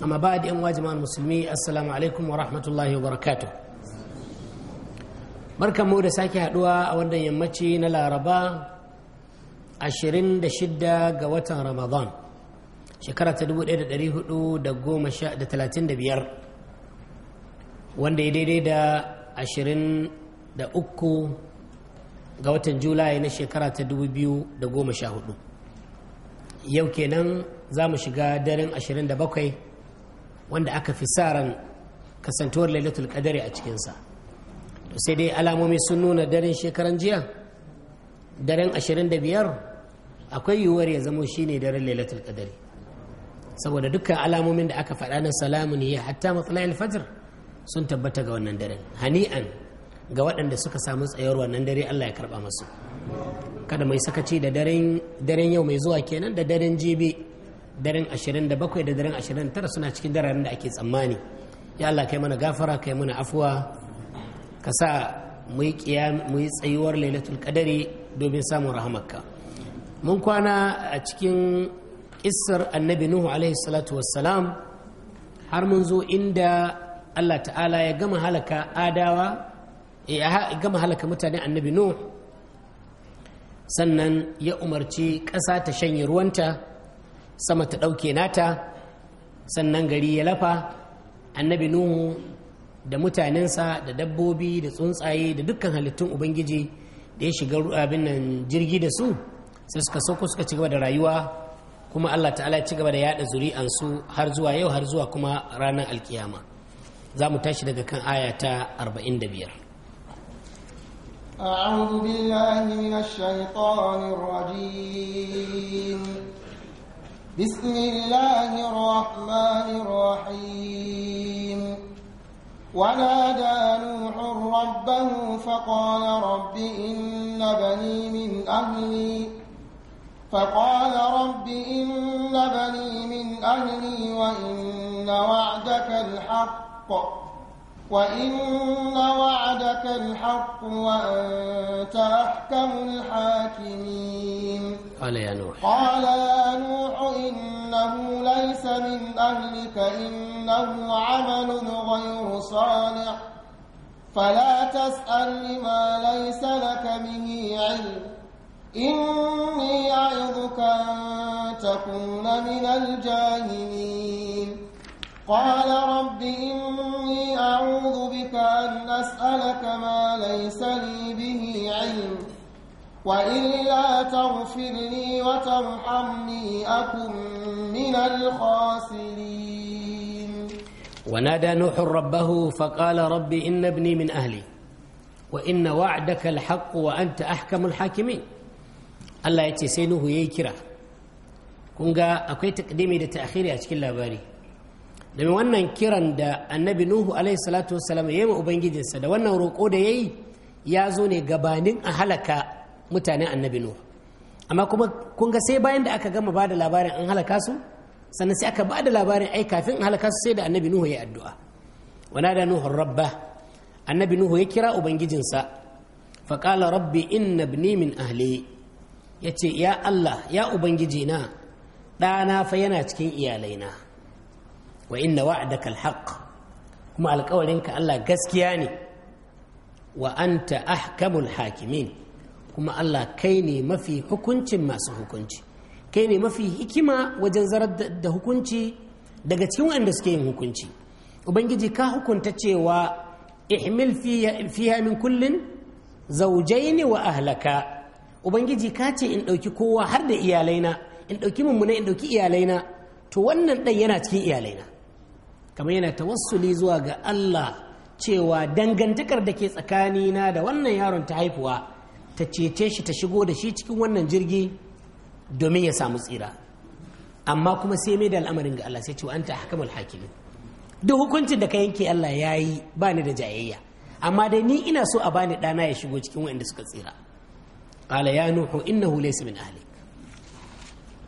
amma ba da 'yan wajiman musulmi assalamu alaikum wa rahmatullahi wa barakatu barkan mu da sake haduwa a wannan yammaci na laraba 26 ga watan ramadan shekara ta 1435 wanda ya daidai da 23 ga watan julai na shekara ta 2014 yau kenan za mu shiga daren bakwai. wanda aka fi sa ran kasantuwar lailatul qadari a cikinsa to sai dai alamomi sun nuna daren shekaran jiya daren 25 akwai yiwuwar ya zamo shine daren lailatul qadari saboda dukkan alamomin da aka faɗa na salamu ne hatta matsalayin fajr sun tabbata ga wannan daren hani'an ga waɗanda suka samu tsayar wannan dare Allah ya karɓa masu kada mai sakaci da daren yau mai zuwa kenan da daren jibi daren 27 da daren 29 suna cikin dararen da ake tsammani ya Allah kai mana gafara kai mana afuwa ka sa mu yi tsayuwar lailatul qadari domin samun rahamarka mun kwana a cikin kissar annabi nuhu alaihi salatu wassalam har mun zo inda Allah ta'ala ya gama halaka adawa ya gama halaka mutane annabi nuhu sannan ya umarci ƙasa ta shanye ruwanta sama ta ɗauke nata sannan gari ya lafa annabi nuhu da mutanensa da dabbobi da tsuntsaye da dukkan halittun ubangiji da ya shiga abin nan jirgi da su sai suka sauko suka ci gaba da rayuwa kuma allah ta'ala ya ci gaba da yada zuri'ansu har zuwa yau har zuwa kuma ranar alkiyama za mu tashi daga kan aya ta 45 أعوذ بالله من الشيطان الرجيم بسم الله الرحمن الرحيم ونادى نوح ربه فقال رب إن بني من أهلي فقال رب إن بني من أهلي وإن وعدك الحق وإن وعدك الحق وأنت أحكم الحاكمين قال يا نوح قال يا نوح إنه ليس من أهلك إنه عمل غير صالح فلا تسأل لما ليس لك به علم إني أعظك أن تكون من الجاهلين قال رب إني أعوذ بك أن أسألك ما ليس لي به علم وإلا تغفر لي وترحمني أكن من الخاسرين ونادى نوح ربه فقال رب إن ابني من أهلي وإن وعدك الحق وأنت أحكم الحاكمين الله يتسينه يكره كنغا أكوي تقديمي لتأخيري أشكل لاباري domin wannan kiran da annabi nuhu alaihi salatu wassalam ya yi ubangijinsa da wannan roƙo da ya yi ya zo ne gabanin a halaka mutane annabi nuhu amma kuma kun sai bayan da aka gama ba da labarin an halaka su sannan sai aka ba da labarin ai kafin an halaka su sai da annabi nuhu ya yi addu'a wana da nuhu rabba annabi nuhu ya kira ubangijinsa faƙala rabbi inna ibni min ahli ya ce ya allah ya ubangijina ɗana fa yana cikin iyalaina wa inna wa'adaka alhaq kuma alƙawarinka Allah gaskiya ne wa anta ahkamul hakimin kuma Allah kai ne mafi hukuncin masu hukunci kai ne mafi hikima wajen zarar da hukunci daga cikin waɗanda suke yin hukunci ubangiji ka hukunta cewa ihmil fiha min kullin zawjaini wa ahlaka ubangiji ka ce in ɗauki kowa har da iyalaina in ɗauki mummuna in ɗauki iyalaina to wannan ɗan yana cikin iyalaina kamar yana tawassuli zuwa ga Allah cewa dangantakar da ke tsakanina da wannan yaron ta haifuwa ta cece shi ta shigo da shi cikin wannan jirgi domin ya samu tsira amma kuma sai mai da al'amarin ga Allah sai ce anta hakamul hakimi duk hukuncin da ka yanke Allah ya yi ba ni da jayayya amma dai ni ina so a bani ɗana ya shigo cikin waɗanda suka tsira qala ya nuhu innahu laysa min ahlik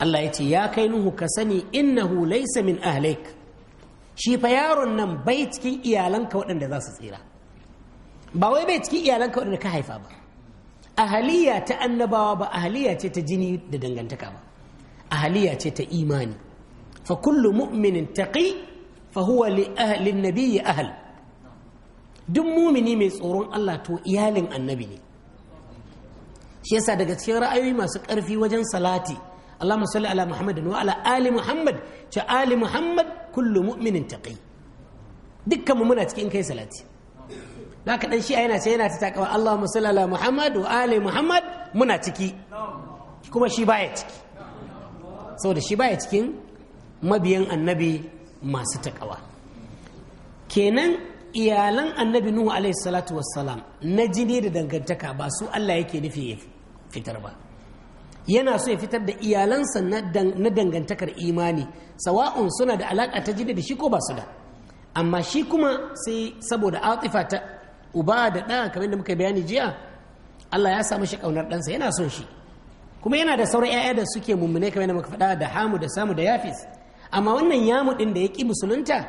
Allah ya ce ya kai nuhu ka sani innahu laysa min ahlik shi fa yaron nan bai cikin iyalanka waɗanda za su tsira ba wai bai cikin iyalanka waɗanda ka haifa ba ahaliya ta annabawa ba ahaliya ce ta jini da dangantaka ba ahaliya ce ta imani fa kullu mu'minin taqi fa huwa li ahli nabiyyi ahl duk mumini mai tsoron Allah to iyalin annabi ne shi yasa daga cikin ra'ayoyi masu ƙarfi wajen salati Allahumma salli ala Muhammadin wa ala ali Muhammad ta ali Muhammad kullu mu'minin taqi dukkan mu muna cikin kai salati haka dan shi yana sai yana ta takawa Allahumma salli ala Muhammad wa ali Muhammad muna ciki kuma shi baya ciki saboda shi baya cikin mabiyan annabi masu takawa kenan iyalan annabi nuhu alaihi salatu wassalam na jini da dangantaka ba su Allah yake nufi fitar ba yana so ya fitar da iyalansa na dangantakar imani sawa'un suna da alaƙa ta jini da shi ko ba su da amma shi kuma sai saboda atifa ta uba da ɗa kamar da muka bayani jiya Allah ya samu shi ƙaunar ɗansa yana son shi kuma yana da sauran 'ya'ya da suke mummune kamar da muka faɗa da hamu da samu da yafis amma wannan yamu ɗin da ya ƙi musulunta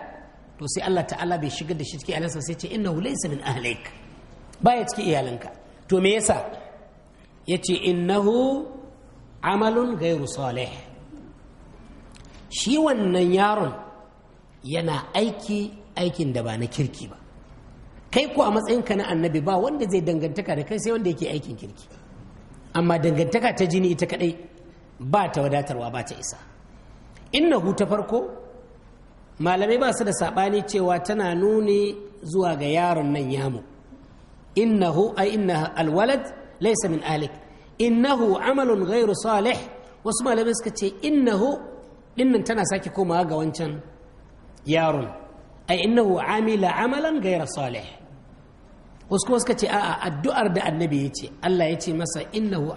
to sai Allah ta'ala bai shigar da shi cikin iyalansa sai ce innahu laysa min Ba baya cikin iyalanka to me yasa ya ce innahu amalun gairu salih shi wannan yaron yana aiki aikin da ba na kirki ba kai ko a matsayinka na annabi ba wanda zai dangantaka da kai sai wanda yake aikin kirki amma dangantaka ta jini ita kadai ba ta wadatarwa ba ta isa hu ta farko malamai ba su da saɓani cewa tana nuni zuwa ga yaron nan yamu innahu a inna alwalad laisa min Alik. innahu amalun ghairu salih wasu malamai suka ce innahu dinnan tana sake komawa ga wancan yaron ai innahu amila amalan ghairu salih wasu kuma suka ce a'a addu'ar da annabi ya ce Allah ya ce masa innahu